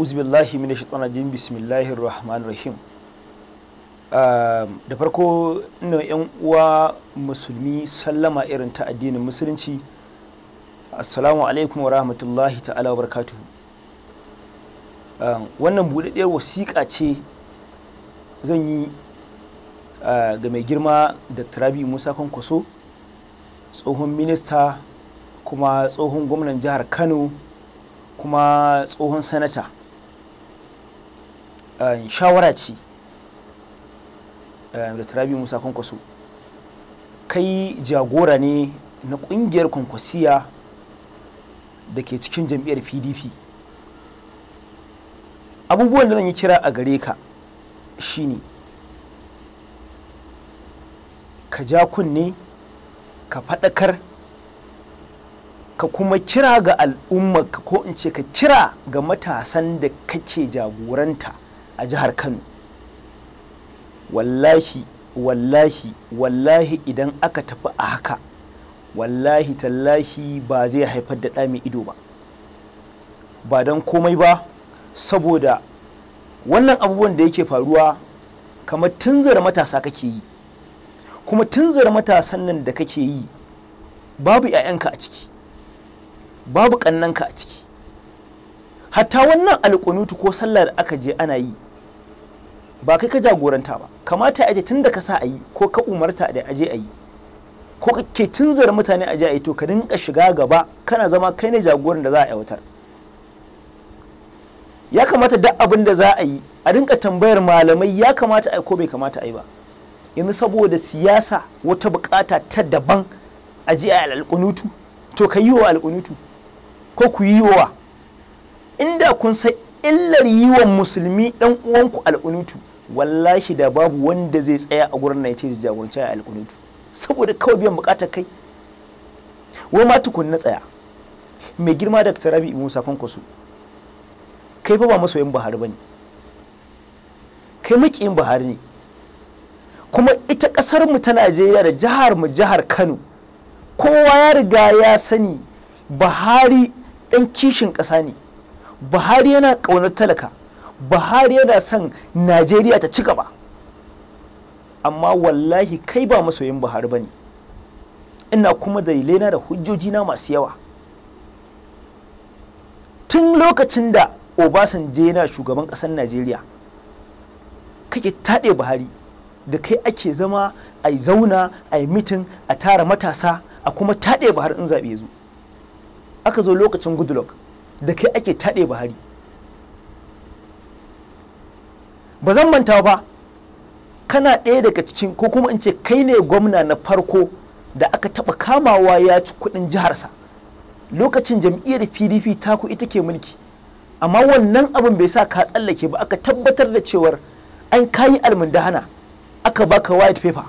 a'udhu billahi minash shaitanir rajim bismillahir rahmanir rahim ah, da farko ina yan uwa musulmi sallama irin ta addinin musulunci assalamu alaikum wa rahmatullahi ta'ala wa barakatuhu ah, wannan budaddiyar wasiƙa ce zan yi ah, ga mai girma da turabi musa kwankwaso tsohon minista kuma tsohon gwamnan jihar kano kuma tsohon sanata Eh, shawara ce eh, da turabi musa kwankwaso kai jagora ne na kungiyar kwankwasiya da ke cikin jam'iyyar pdp abubuwan da zan yi kira a gare ka shine ka ja kunne ka faɗakar ka kuma kira ga al'ummarka ko in ce ka kira ga matasan da kake jagoranta a jihar kano wallahi wallahi wallahi idan aka tafi a haka wallahi tallahi ba zai haifar da ɗa mai ido ba ba don komai ba saboda wannan abubuwan da yake faruwa kamar tunzara matasa kake yi kuma tunzara matasan nan da kake yi babu 'ya'yanka a ciki babu ƙannanka a ciki hatta wannan alƙunutu ko sallah da aka je ana yi ba kai ka jagoranta ba kamata aje tun da ka sa a yi ko ka umarta da aje a yi ko ke tunzar mutane aje a yi to ka dinka shiga gaba kana zama kai ne jagoran da za a aiwatar ya kamata duk abin da za a yi a dinka tambayar malamai ya kamata a yi ko bai kamata a yi ba yanzu saboda siyasa wata bukata ta daban a ji a alƙunutu to ka yi wa alƙunutu ko ku yi wa inda kun san illar yi wa musulmi ɗan uwanku alƙunutu wallahi da babu wanda zai tsaya a gurin nan ya ce jagoranci a alkunutu saboda kawai biyan bukatar kai wai ma tukun na tsaya mai girma da Rabi musa kwankwaso kai fa ba masoyin buhari ba ne kai makiyin buhari ne kuma ita ƙasarmu mu ta najeriya da jihar mu jihar kano kowa ya riga ya sani buhari ɗan kishin ƙasa ne buhari yana ƙaunar talaka buhari yana son najeriya ta ci gaba amma wallahi kai ba masoyin buhari ba ne ina kuma dalilaina da hujjojina masu yawa tun lokacin da obasanjo yana shugaban ƙasar najeriya kake taɗe buhari da kai ake zama a zauna a yi mitin a tara matasa a kuma taɗe buhari in zaɓe zo. aka zo lokacin goodluck da kai ake taɗe buhari ba zan manta ba kana ɗaya daga cikin ko kuma in ce kai ne gwamna na farko da aka taɓa kamawa ya ci kuɗin jiharsa lokacin jam'iyyar pdp ta ku ita ke mulki amma wannan abin bai sa ka tsallake ba aka tabbatar da cewar an kayi almundahana aka baka white paper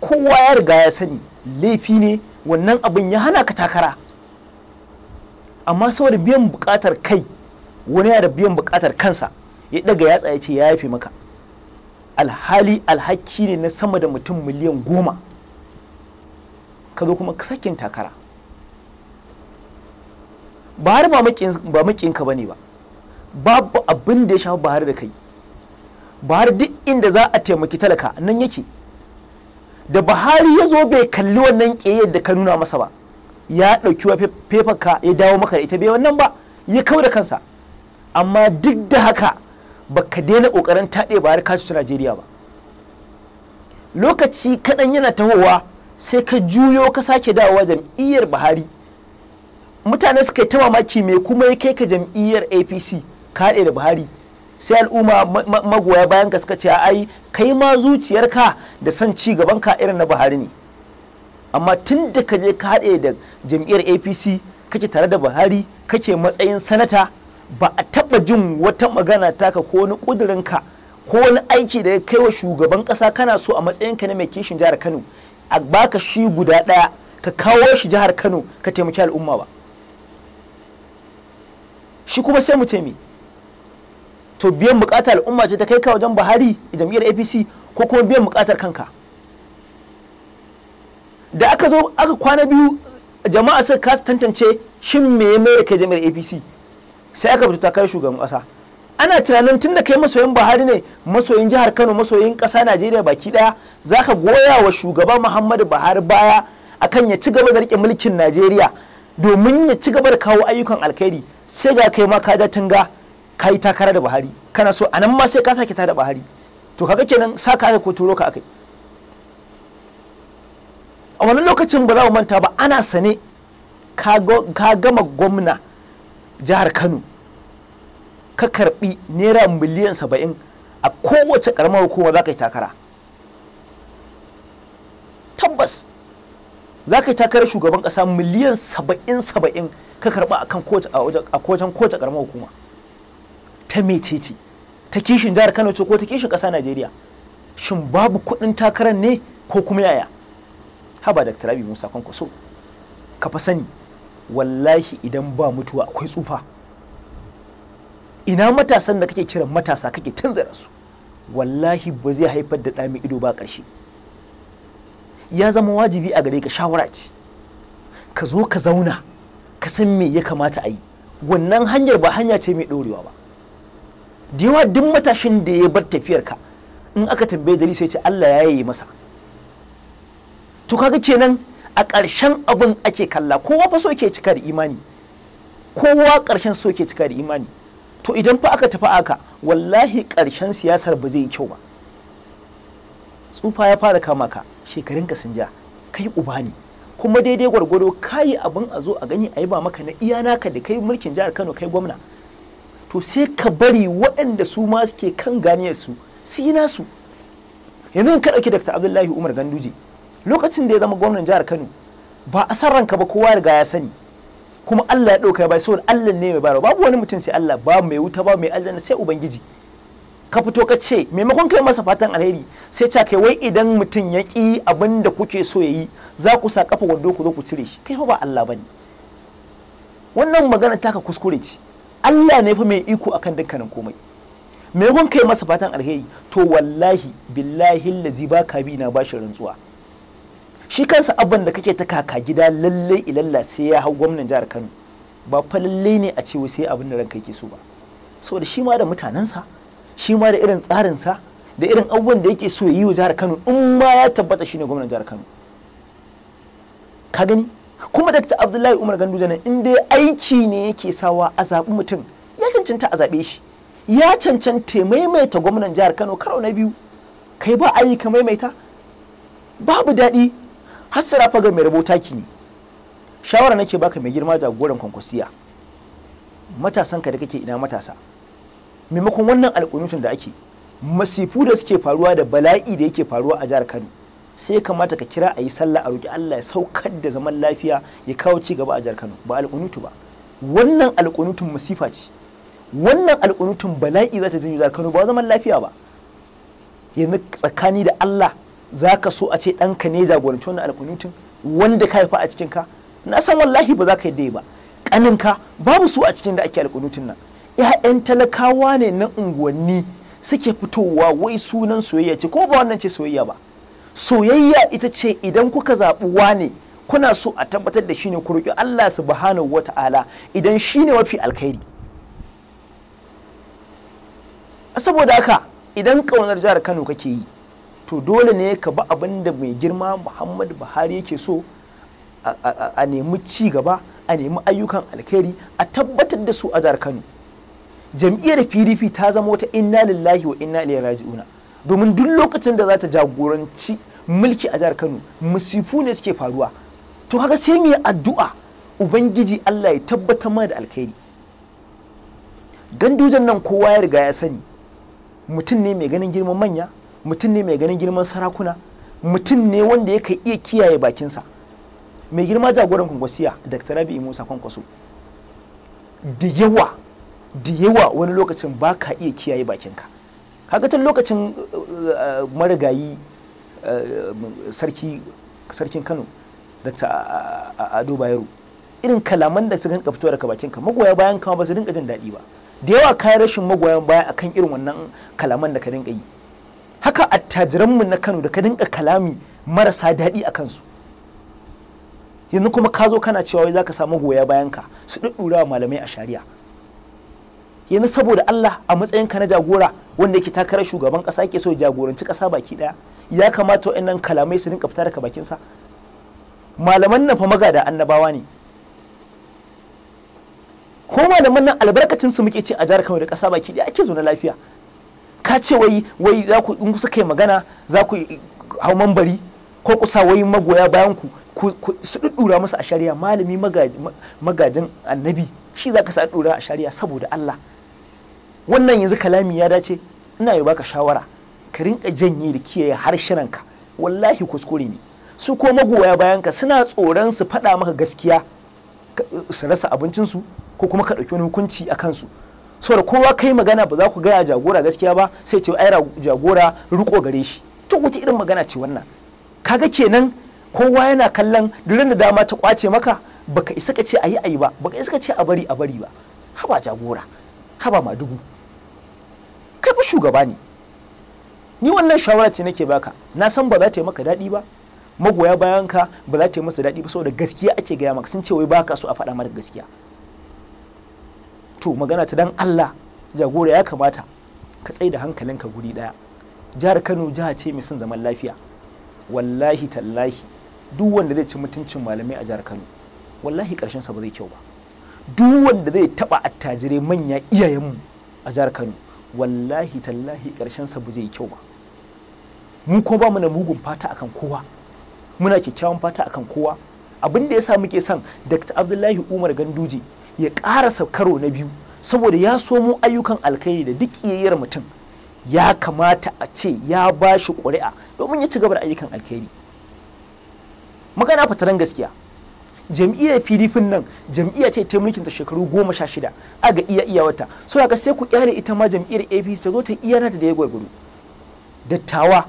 kowa ya riga ya sani laifi ne wannan abin ya hana ka takara amma saboda biyan bukatar kai wani yana da biyan bukatar kansa ya daga yatsa ya ce ya yafe maka alhali alhaki ne na sama da mutum miliyan goma ka zo kuma sakin takara bahar ba makinka ba ne ba babu abin da ya shafi bahar da kai bahar duk inda za a taimaki talaka nan yake da bahari ya zo bai kalli wannan ƙeyar da ka nuna masa ba ya ɗauki wa fefanka ya dawo maka da ita bai wannan ba ya kau da kansa amma duk da haka baka daina kokarin taɗe ba ka ta Najeriya ba lokaci kaɗan yana tahowa sai ka juyo ka sake dawowa jam'iyyar Buhari mutane suka yi ta mamaki me kuma ya kai ka jam'iyyar APC ka haɗe da Buhari sai al'umma magoya bayan ka suka ce ai kai ma zuciyarka da son ci gaban ka irin na Buhari ne amma tun da ka je ka haɗe da jam'iyyar APC kake tare da Buhari kake matsayin sanata ba a taba jin wata magana taka ko wani ka ko wani aiki da ya kai wa shugaban kasa kana so a matsayin ka na mai kishin jihar kano a baka shi guda ɗaya ka kawo shi jihar kano ka taimaki al'umma ba shi kuma sai mu taimi to biyan buƙatar al'umma ce ta kai ka wajen buhari jam'iyyar apc ko kuma biyan buƙatar kanka da aka zo aka kwana biyu jama'a suka kasa tantance shin me ya mai kai jam'iyyar apc sai aka fito kai shugaban ƙasa ana tunanin tun da kai masoyin buhari ne masoyin jihar kano masoyin kasa najeriya baki ɗaya za ka goya wa shugaba muhammadu buhari baya akan ya ci gaba da riƙe mulkin najeriya domin ya ci gaba da kawo ayyukan alkhairi sai ga kai ma ka ja tunga ka yi takara da buhari kana so a nan ma sai ka sake ta da buhari to kaga kenan saka aka ko turo ka akai a wani lokacin ba za mu manta ba ana sane ka gama gwamna jihar kano ka karbi naira miliyan saba'in a kowace karamar hukuma za ka yi takara tabbas za ka yi takarar shugaban kasa miliyan saba'in saba'in ka karba a kan kowace karamar hukuma ta mecece ta kishin jihar kano ce ko ta kishin kasa najeriya shin babu kudin takarar ne ko kuma yaya haba da musa kwankwaso ka fa sani wallahi idan ba mutuwa akwai tsufa ina matasan da kake kiran matasa kake tunzara su wallahi ba zai haifar da ɗami ido ba ƙarshe ya zama wajibi a gare ka shawara ce ka zo ka zauna ka san me ya kamata a yi wannan hanyar ba hanya ce mai ɗorewa ba da yawa duk matashin da ya bar tafiyar ka in aka tambaye dari sai ce Allah ya yi masa to kaga kenan a ƙarshen abin ake kalla kowa fa so ke cika da imani kowa ƙarshen so ke cika da imani to idan fa aka tafi aka wallahi ƙarshen siyasar ba zai yi kyau ba tsufa ya fara kama ka shekarun ka sun ja kai uba ne kuma daidai gwargwado kayi abin a zo a gani a yi ba maka na iya naka da kai mulkin jihar Kano kai gwamna to sai ka bari waɗanda su ma suke kan ganiyar su su yi nasu yanzu ka ɗauki Dr. Abdullahi Umar Ganduje lokacin da ya zama gwamnan jihar Kano ba a san ranka ba kowa riga ya sani kuma Allah ya dauka bai saboda Allah ne mai bayarwa babu wani mutum sai Allah ba mai wuta ba mai aljanna sai ubangiji ka fito ka ce maimakon kai masa fatan alheri sai ta kai wai idan mutum ya ki abin da kuke so ya yi za ku sa kafa wando ku zo ku cire shi kai fa ba Allah bane wannan magana ta ka kuskure ce Allah ne fa mai iko akan dukkanin komai maimakon kai masa fatan alheri to wallahi billahi lazi ba ka bi na bashi rantsuwa shi kansa abin da kake ta kaka gida lallai ilalla sai ya hau gwamnan jihar Kano ba fa lallai ne a ce sai abin da ranka yake so ba saboda shi ma da mutanensa shi ma da irin tsarinsa da irin abubuwan da yake so ya yi wa jihar Kano in ma ya tabbata shine gwamnan jihar Kano ka gani kuma Dr. Abdullahi Umar Ganduje nan in dai aiki ne yake sawa a zaɓi mutum ya cancanta a zaɓe shi ya cancanta maimaita gwamnan jihar Kano karo na biyu kai ba ayi ka maimaita babu daɗi hassara faga mai rabo taki ne shawara nake baka mai girma jagoran kwankwasiya matasan ka da kake ina matasa maimakon wannan alƙunutun da ake masifu da suke faruwa da bala'i da yake faruwa a jihar Kano sai kamata ka kira a yi sallah a roki Allah ya saukar da zaman lafiya ya kawo ci gaba a jihar Kano ba alƙunutu ba wannan alƙunutun masifa ce wannan alƙunutun bala'i za ta janyo jihar Kano ba zaman lafiya ba yanzu tsakani da Allah za ka so a ce ɗanka ne jagoranci wannan alkunutun wanda ka haifa a cikin ka na san wallahi ba za ka yi ba ƙaninka babu su a cikin da ake alkunutun nan ‘ya'yan talakawa ne na unguwanni suke fitowa wai sunan soyayya ce ko ba wannan ce soyayya ba soyayya ita ce idan kuka zaɓi wane kuna so a tabbatar da shi ne ku roƙi Allah subhanahu wata'ala ala. idan shi ne mafi alkhairi saboda haka idan ƙaunar jihar Kano kake yi to dole ne ka ba abin da mai girma muhammadu buhari yake so a nemi ci gaba a nemi ayyukan alkhairi a tabbatar da su a jihar kano jam'iyyar pdp ta zama wata inna lillahi wa inna ilaihi raji'una domin duk lokacin da za ta jagoranci mulki a jihar kano musifu ne suke faruwa to haka sai mu yi addu'a ubangiji allah ya tabbatar mana da alkhairi gandujan nan kowa ya riga ya sani mutum ne mai ganin girman manya mutum ne mai ganin girman sarakuna mutum ne wanda yake iya kiyaye bakinsa mai girma jagoran kwankwasiya dr rabi musa kwankwaso da yawa da yawa wani lokacin ba ka iya kiyaye bakinka kaga lokacin uh, uh, marigayi uh, sarkin kano dr ado bayero irin kalaman da suka fito daga bakinka magoya bayan kama ba su rinka jin daɗi ba da yawa kayan rashin magoyan baya akan irin wannan kalaman da ka rinka yi haka attajiranmu na kano da ka dinka kalami marasa daɗi a kansu yanzu kuma ka zo kana cewa wai za ka samu goya bayan ka su ɗuɗɗura wa malamai a shari'a yanzu saboda Allah a matsayin ka na jagora wanda yake takarar shugaban ƙasa yake so ya jagoranci ƙasa baki ɗaya ya kamata wa'annan kalamai su dinka fita daga bakin sa malaman nan fa magada annabawa ne ko malaman nan albarkacin su muke ci a jihar Kano da ƙasa baki ɗaya ake zo na lafiya ka ce wai wai za ku in kusa kai magana za ku hau mambari ko kusa wai magoya bayan ku su duddura masa a shari'a malami magajin annabi shi za ka sa dura a shari'a saboda Allah wannan yanzu kalami ya dace ina yi baka shawara ka rinka janye da kiyaye harshenanka wallahi kuskure ne su ko magoya bayanka suna tsoron su faɗa maka gaskiya su rasa abincinsu ko kuma ka ɗauki wani hukunci a kansu saboda kowa kai magana ba za ku gaya jagora gaskiya ba sai ce ai jagora riko gare shi to wace irin magana ce wannan kaga kenan kowa yana kallon durin da dama ta kwace maka baka isa ka ce ayi ayi ba baka isa ka ce a bari a bari ba haba jagora haba madugu kai fa shugaba ne ni wannan shawara ce nake baka na san ba za ta yi maka daɗi ba magoya bayan bayanka ba za ta yi masa daɗi ba saboda gaskiya ake gaya maka sun ce wai baka so a faɗa maka gaskiya to magana ta dan Allah jagora ya kamata ka tsaye da hankalinka guri daya jihar Kano jiha ce mai son zaman lafiya wallahi tallahi duk wanda zai ci mutuncin malamai a jihar Kano wallahi karshen sa ba zai kyau ba duk wanda zai taba attajirai manya iyayenmu a jihar Kano wallahi tallahi karshen sa ba zai kyau ba mu ko ba mu na mugun fata akan kowa muna kyakkyawan fata akan kowa abin da yasa muke son Dr. Abdullahi Umar Ganduje ya ƙarasa karo na biyu saboda ya somo ayyukan alkhairi da duk yayyar mutum ya kamata a ce ya ba shi ƙuri'a domin ya ci gaba da ayyukan alkhairi magana fataran gaskiya jam'iyyar pdp nan jam'iyya ce ta mulkinta shekaru goma sha shida a ga iya iya wata so ga sai ku kyale ita ma jam'iyyar apc ta zo ta iya nata da ya gwagwaro dattawa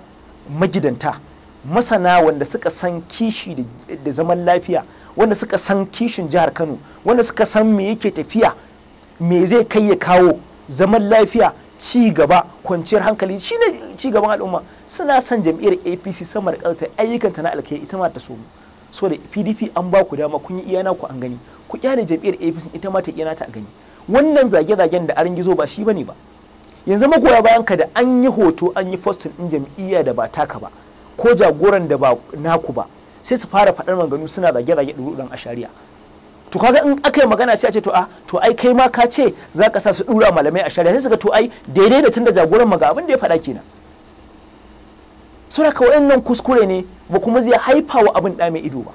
magidanta masana wanda suka san kishi da zaman lafiya wanda suka san kishin jihar kano wanda suka san me yake tafiya me zai kai ya kawo zaman lafiya ci gaba kwanciyar hankali shine ci gaban al'umma suna son jam'iyyar apc sama da ayyukan ayyukanta na alkai ita ma ta so mu so da pdp an ba ku dama kun yi iyana ku an gani ku kyale jam'iyyar apc ita ma ta iyana ta a gani wannan zage-zagen da arin gizo ba shi bane ba yanzu magoya bayan ka da an yi hoto an yi postin din jam'iyya da ba taka ba ko jagoran da ba naku ba sai su fara faɗar maganganu suna zage-zage ɗuruɗan a shari'a to kaga in aka yi magana sai a ce to a ah, to ai kai ma ka ce za ka sa su ɗura malamai a shari'a sai su ga to ai daidai da tunda jagoran maga abin da ya faɗa kenan suraka kawai nan kuskure ne ba kuma zai haifa wa abin ɗa mai ido ba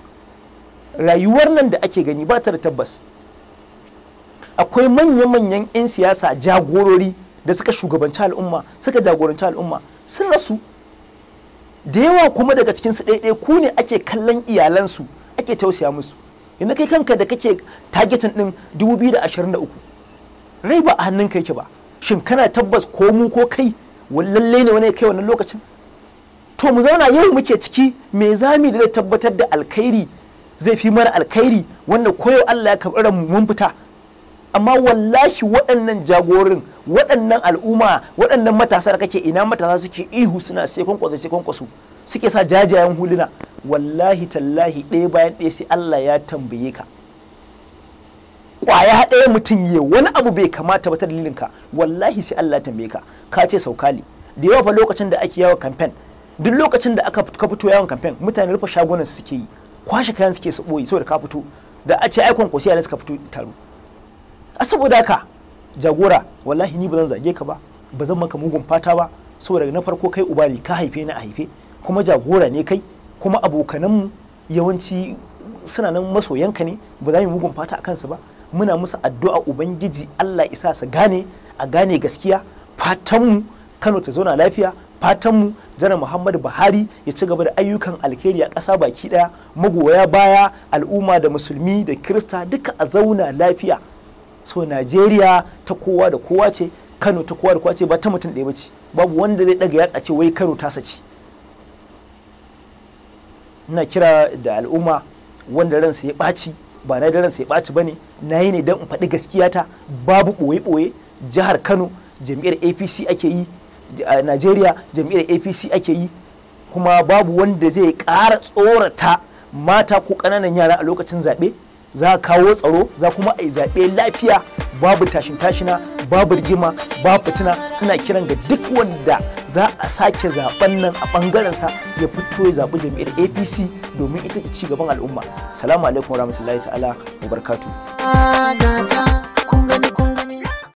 rayuwar nan da ake gani ba ta da tabbas akwai manya-manyan 'yan siyasa jagorori da suka shugabanci al'umma suka jagoranci al'umma sun rasu da yawa kuma daga cikin su ɗaiɗai ku ne ake kallon iyalansu ake tausaya musu Ina kai kanka da kake targetin ɗin 2023 rai ba a hannun kai ke ba shin kana tabbas ko mu ko kai lallai ne wani kai wannan lokacin to mu zauna yau muke ciki me zami da zai tabbatar da alkhairi zai fi mana alkhairi wanda koyo Allah ya mu mun fita amma wallahi waɗannan jagorin waɗannan al'umma waɗannan matasa da kake ina matasa suke ihu suna sai kwankwaso sai kwankwaso suke sa jajayen huluna wallahi tallahi ɗaya bayan ɗaya sai Allah ya tambaye ka Ƙwaya ɗaya mutum ya wani abu bai kamata ba ta dalilin ka wallahi sai Allah ya tambaye ka ka ce saukali da yawa fa lokacin da ake yawo kamfen duk lokacin da aka ka fito yawon kamfen mutane rufe shagunan suke yi kwashe kayan suke su boye saboda ka fito da a ce aikon kwasiyar suka fito taro a saboda ka. jagora wallahi ni ba zan zage ka ba ba zan maka mugun fata ba saboda na farko kai uba ne ka haife ni a haife kuma jagora ne kai kuma abokananmu yawanci suna nan masoyanka ne ba za mu mugun fata a kansu ba muna musu addu'a ubangiji Allah isa sa gane a gane gaskiya fatanmu Kano ta zauna lafiya fatanmu jana muhammadu buhari ya ci gaba da ayyukan alheri a ƙasa baki ɗaya magoya baya al'umma da musulmi da kirista duka a zauna lafiya so najeriya ta kowa da kowa ce kano ta kowa da kowa ce ba ta mutum ɗaya ba ce babu wanda zai ɗaga yatsa ce wai kano ta sace ina kira da al'umma wanda ransa ya ɓaci ba na da ransa ya ɓaci ba ne na yi ne don in faɗi gaskiya ta babu ɓoye-ɓoye jihar kano jam'iyyar apc ake yi a najeriya jami'ar apc ake yi kuma babu wanda zai ƙara tsorata mata ko ƙananan yara a lokacin zaɓe za a kawo tsaro za kuma a yi zaɓe lafiya babu tashin tashina babu rigima babu fitina ina kiran ga duk wanda za a sake zaɓen nan a ɓangaren sa ya fito ya zaɓi jam'iyyar apc domin ita ci gaban al'umma salamu alaikum warahmatullahi ta'ala wa barkatu